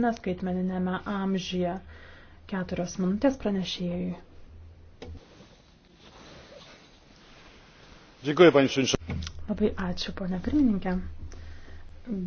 neskaitmeninėme amžyje. Keturios minutės pranešėjui. Dėkuoju, panie Šinčiu. Labai ačiū, ponė pirmininkė.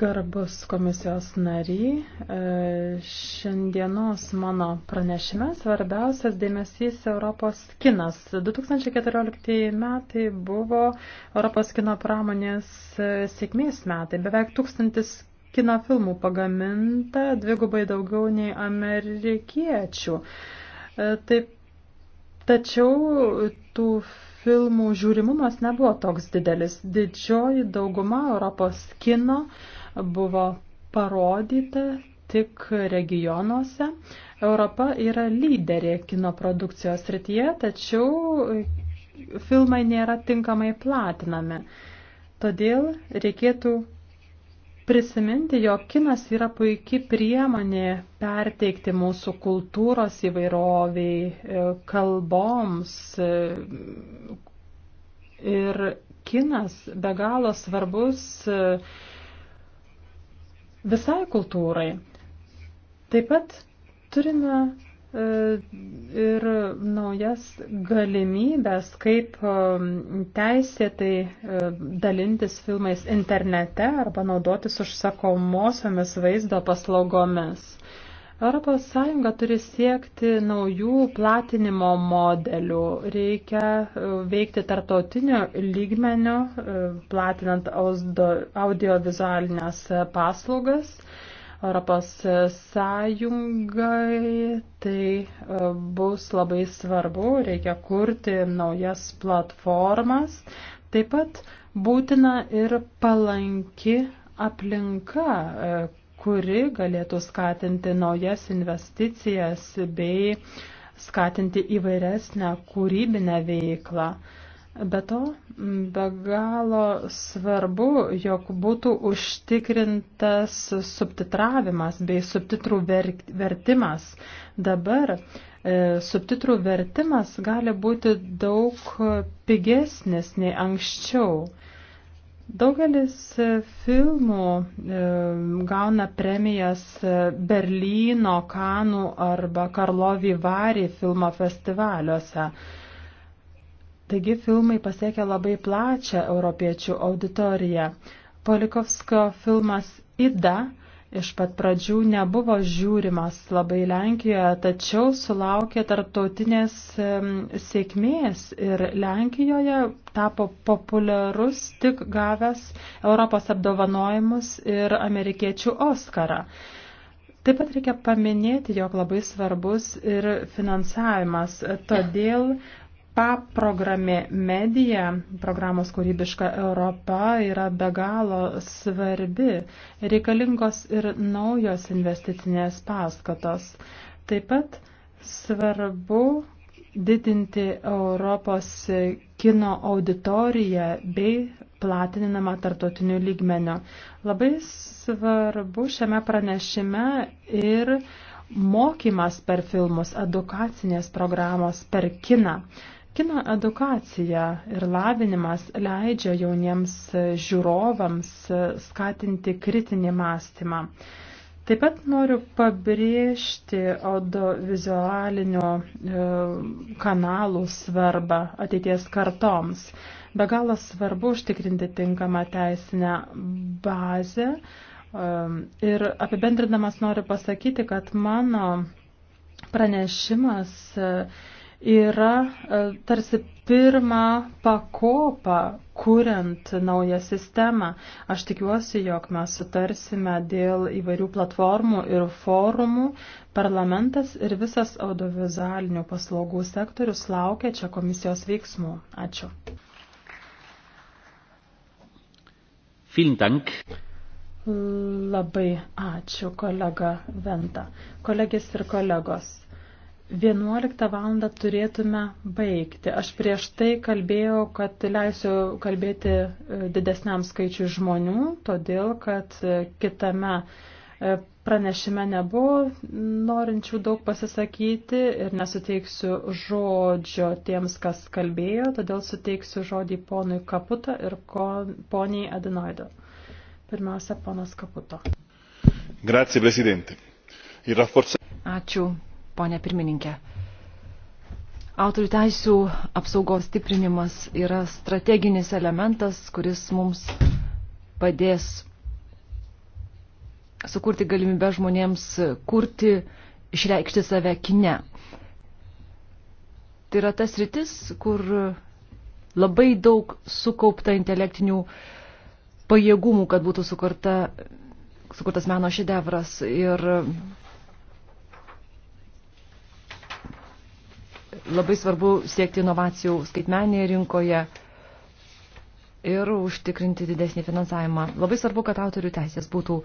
Garbus komisijos nariai, e, šiandienos mano pranešime svarbiausias dėmesys Europos kinas. 2014 metai buvo Europos kino pramonės e, sėkmės metai. Beveik tūkstantis kino filmų pagaminta dvigubai daugiau nei amerikiečių. E, taip, tačiau tų filmų žiūrimumas nebuvo toks didelis. Didžioji dauguma Europos kino buvo parodyta tik regionuose. Europa yra lyderė kino produkcijos rytyje, tačiau filmai nėra tinkamai platinami. Todėl reikėtų prisiminti, jog kinas yra puikiai priemonė perteikti mūsų kultūros įvairoviai, e, kalboms. E, ir kinas be galo svarbus e, visai kultūrai. Taip pat turime E, ir naujas galimybės, kaip e, teisėtai e, dalintis filmais internete arba naudotis užsakomosiomis vaizdo paslaugomis. ES turi siekti naujų platinimo modelių. Reikia veikti tartautinio lygmenio, platinant audiovizualinės paslaugas. Audio Europos Sąjungai. Tai e, bus labai svarbu, reikia kurti naujas platformas. Taip pat būtina ir palanki aplinka, e, kuri galėtų skatinti naujas investicijas bei skatinti įvairesnę kūrybinę veiklą. Be to, be galo svarbu, jog būtų užtikrintas subtitravimas bei subtitrų vertimas. Dabar e, subtitrų vertimas gali būti daug pigesnis nei anksčiau. Daugelis filmų e, gauna premijas Berlyno, Kanų arba Karlovy Vary filmo festivaliuose. Taigi filmai pasiekia labai plačią europiečių auditoriją. Polikovskio filmas Ida iš pat pradžių nebuvo žiūrimas labai Lenkijoje, tačiau sulaukė tarptautinės sėkmės ir Lenkijoje tapo populiarus tik gavęs Europos apdovanojimus ir amerikiečių Oskarą. Taip pat reikia paminėti, jog labai svarbus ir finansavimas. Todėl PAP programė Medija, programos kūrybiška Europa yra be galo svarbi, reikalingos ir naujos investicinės paskatos. Taip pat svarbu didinti Europos kino auditoriją bei platininama tartotiniu lygmeniu. Labai svarbu šiame pranešime ir mokymas per filmus, edukacinės programos per kiną. Kino edukacija ir lavinimas leidžia jauniems žiūrovams skatinti kritinį mąstymą. Taip pat noriu pabrėžti audiovizualinio e, kanalų svarbą ateities kartoms. Be galo svarbu užtikrinti tinkamą teisinę bazę. E, ir apibendrinamas noriu pasakyti, kad mano pranešimas e, yra e, tarsi pirmą pakopą, kuriant naują sistemą. Aš tikiuosi, jog mes sutarsime dėl įvairių platformų ir forumų. Parlamentas ir visas audiovizualinių paslaugų sektorius laukia čia komisijos veiksmų. Ačiū. Dank. Labai ačiū, kolega Venta. Kolegės ir kolegos. 11 val. turėtume baigti. Aš prieš tai kalbėjau, kad leisiu kalbėti e, didesniam skaičiui žmonių, todėl kad e, kitame e, pranešime nebuvo norinčių daug pasisakyti ir nesuteiksiu žodžio tiems, kas kalbėjo, todėl suteiksiu žodį ponui Kaputo ir ko, poniai Adinoido. Pirmiausia, ponas Kaputo. Grazie, prezidentė. Rafforza... Ačiū, ponė pirmininkė. Autorių teisų apsaugos stiprinimas yra strateginis elementas, kuris mums padės sukurti galimybę žmonėms kurti, išreikšti save kine. Tai yra tas rytis, kur labai daug sukaupta intelektinių pajėgumų, kad būtų sukurta, sukurtas meno šedevras ir Labai svarbu siekti inovacijų skaitmenėje rinkoje ir užtikrinti didesnį finansavimą. Labai svarbu, kad autorių teisės būtų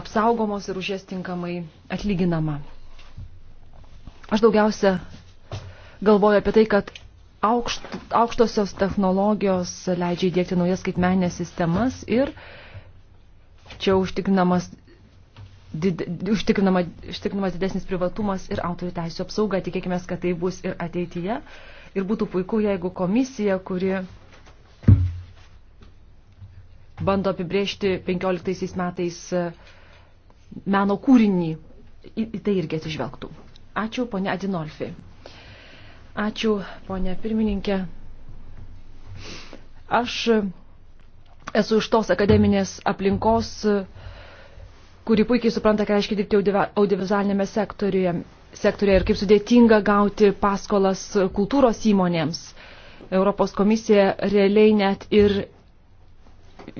apsaugomos ir už jas tinkamai atlyginama. Aš daugiausia galvoju apie tai, kad aukšt, aukštosios technologijos leidžia įdėkti naujas skaitmenės sistemas ir čia užtikrinamas did, užtikrinama, užtikrinamas didesnis privatumas ir autorių teisų apsauga. Tikėkime, kad tai bus ir ateityje. Ir būtų puiku, jeigu komisija, kuri bando apibrėžti 15 metais e, meno kūrinį, į tai irgi atsižvelgtų. Ačiū, ponė Adinolfi. Ačiū, ponė pirmininkė. Aš esu iš tos akademinės aplinkos, kuri puikiai supranta, ką reiškia dirbti audiovizualinėme sektoriuje, sektoriuje ir kaip sudėtinga gauti paskolas kultūros įmonėms. Europos komisija realiai net ir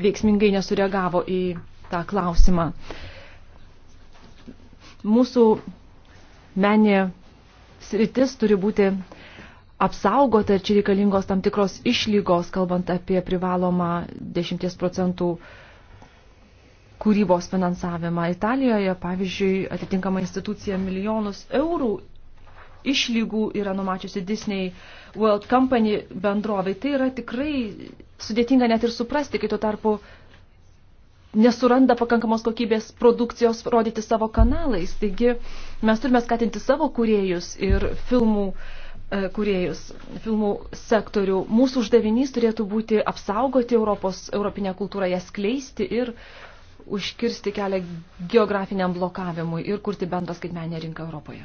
veiksmingai nesureagavo į tą klausimą. Mūsų menė sritis turi būti apsaugota ir čia reikalingos tam tikros išlygos, kalbant apie privalomą 10 procentų uh, kūrybos finansavimą. Italijoje, pavyzdžiui, atitinkama institucija milijonus eurų išlygų yra numačiusi Disney World Company bendrovai. Tai yra tikrai sudėtinga net ir suprasti, kai tuo tarpu nesuranda pakankamos kokybės produkcijos rodyti savo kanalais. Taigi mes turime skatinti savo kuriejus ir filmų e, kuriejus, filmų sektorių. Mūsų uždavinys turėtų būti apsaugoti Europos, europinę kultūrą, ją skleisti ir uh, užkirsti kelią geografiniam blokavimui ir kurti bendrą skaitmenę rinką Europoje.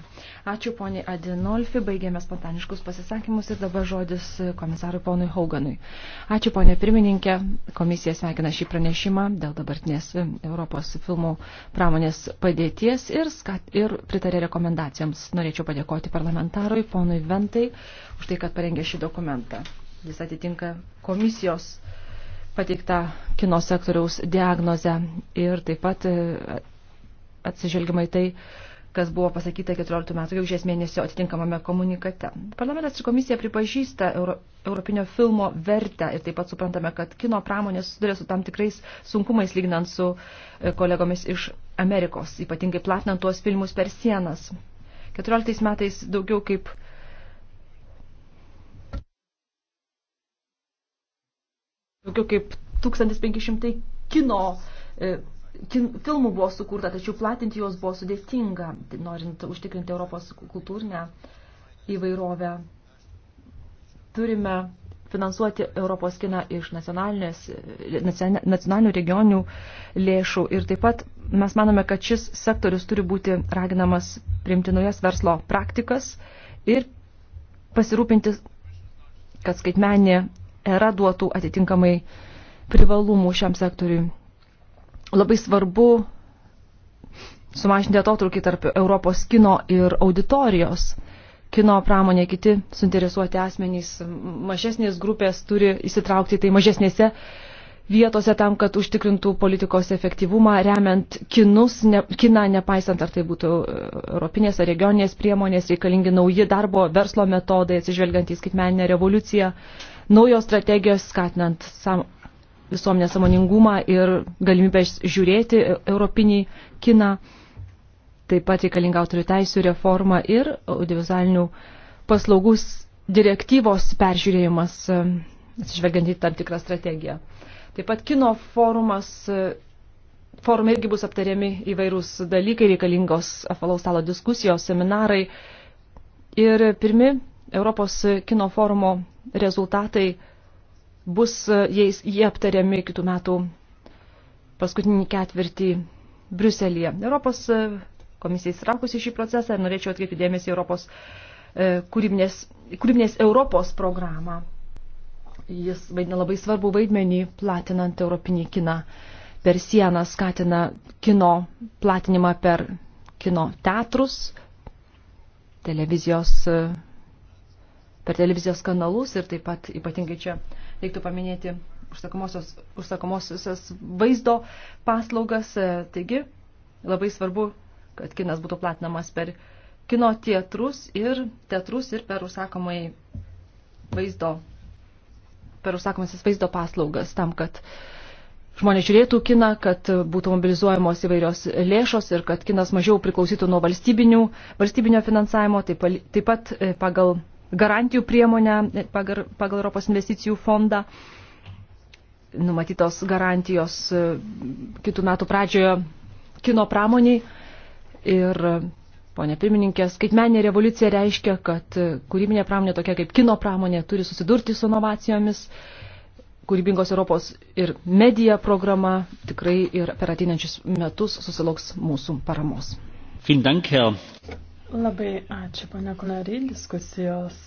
Ačiū poniai Adinolfi, baigėme spontaniškus pasisakymus ir dabar žodis komisarui ponui Hauganui. Ačiū ponė pirmininkė, komisija sveikina šį pranešimą dėl dabartinės Europos filmų pramonės padėties ir, skat, ir pritarė rekomendacijoms. Norėčiau padėkoti parlamentarui, ponui Ventai, už tai, kad parengė šį dokumentą. Jis atitinka komisijos uh, pateiktą kino sektoriaus diagnozę ir taip pat e, atsižvelgiamai tai, kas buvo pasakyta 14 metų gegužės mėnesio atitinkamame komunikate. Parlamentas ir komisija pripažįsta Euro, europinio filmo vertę ir taip pat suprantame, kad kino pramonė susiduria su tam tikrais sunkumais lyginant su e, kolegomis iš Amerikos, ypatingai platinant tuos filmus per sienas. 14 metais daugiau kaip Daugiau kaip 1500 kino e, kin, filmų buvo sukurta, tačiau platinti juos buvo sudėtinga, tai norint užtikrinti Europos kultūrinę įvairovę. Turime finansuoti Europos kiną iš e, nacionalinių regionių lėšų. Ir taip pat mes manome, kad šis sektorius turi būti raginamas priimti naujas verslo praktikas ir pasirūpinti, kad skaitmenė era duotų atitinkamai privalumų šiam sektoriui. Labai svarbu sumažinti atotrukį tarp Europos kino ir auditorijos. Kino pramonė, kiti suinteresuoti asmenys, mažesnės grupės turi įsitraukti tai mažesnėse vietose tam, kad užtikrintų politikos efektyvumą, remiant kinus, ne, kiną, nepaisant ar tai būtų europinės ar regioninės priemonės, reikalingi nauji darbo verslo metodai, atsižvelgiant į skaitmeninę revoliuciją, uh, naujos strategijos skatinant sam, visuomenės samoningumą ir galimybę žiūrėti e- europinį kiną, taip pat reikalinga autorių teisų reforma ir audiovizualinių paslaugų direktyvos peržiūrėjimas, e, atsižvelgiant į tam tikrą strategiją. Taip pat kino forumas, e, forume irgi bus aptariami įvairūs dalykai, reikalingos apvalaus stalo diskusijos, seminarai. Ir pirmi Europos kino forumo rezultatai bus, e, jais, jie aptariami kitų metų paskutinį ketvirtį Briuselėje. Europos e, komisija įsitraukusi šį procesą ir norėčiau atkreipti dėmesį Europos e, kūrybinės, kūrybinės Europos programą. Jis vaidina labai svarbu vaidmenį platinant europinį kiną per sieną, skatina kino platinimą per kino teatrus, televizijos per televizijos kanalus ir taip pat ypatingai čia reiktų paminėti užsakomosios vaizdo paslaugas. Taigi labai svarbu, kad kinas būtų platinamas per kino teatrus ir teatrus ir per užsakomai vaizdo per užsakomasis vaizdo paslaugas tam, kad žmonės žiūrėtų kiną, kad būtų mobilizuojamos įvairios lėšos ir kad kinas mažiau priklausytų nuo valstybinio finansavimo, taip, taip pat e, pagal garantijų priemonę pagal, pagal Europos investicijų fondą. Numatytos garantijos e, kitų metų pradžioje kino pramoniai. Ir, ponė pirmininkė, skaitmeninė revoliucija reiškia, kad e, kūrybinė pramonė, tokia kaip kino pramonė, turi susidurti su inovacijomis. Kūrybingos Europos ir medija programa tikrai ir per ateinančius metus susilauks mūsų paramos. Vielen Dank, Herr Labai ačiū, pane Klary, diskusijos.